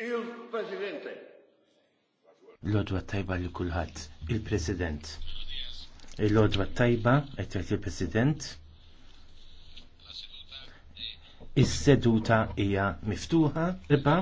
Il-Presidente. L-odwa tajba li kulħadd, il-President. L-odwa tajba, qed il-President. Is-seduta hija miftuħa, iba'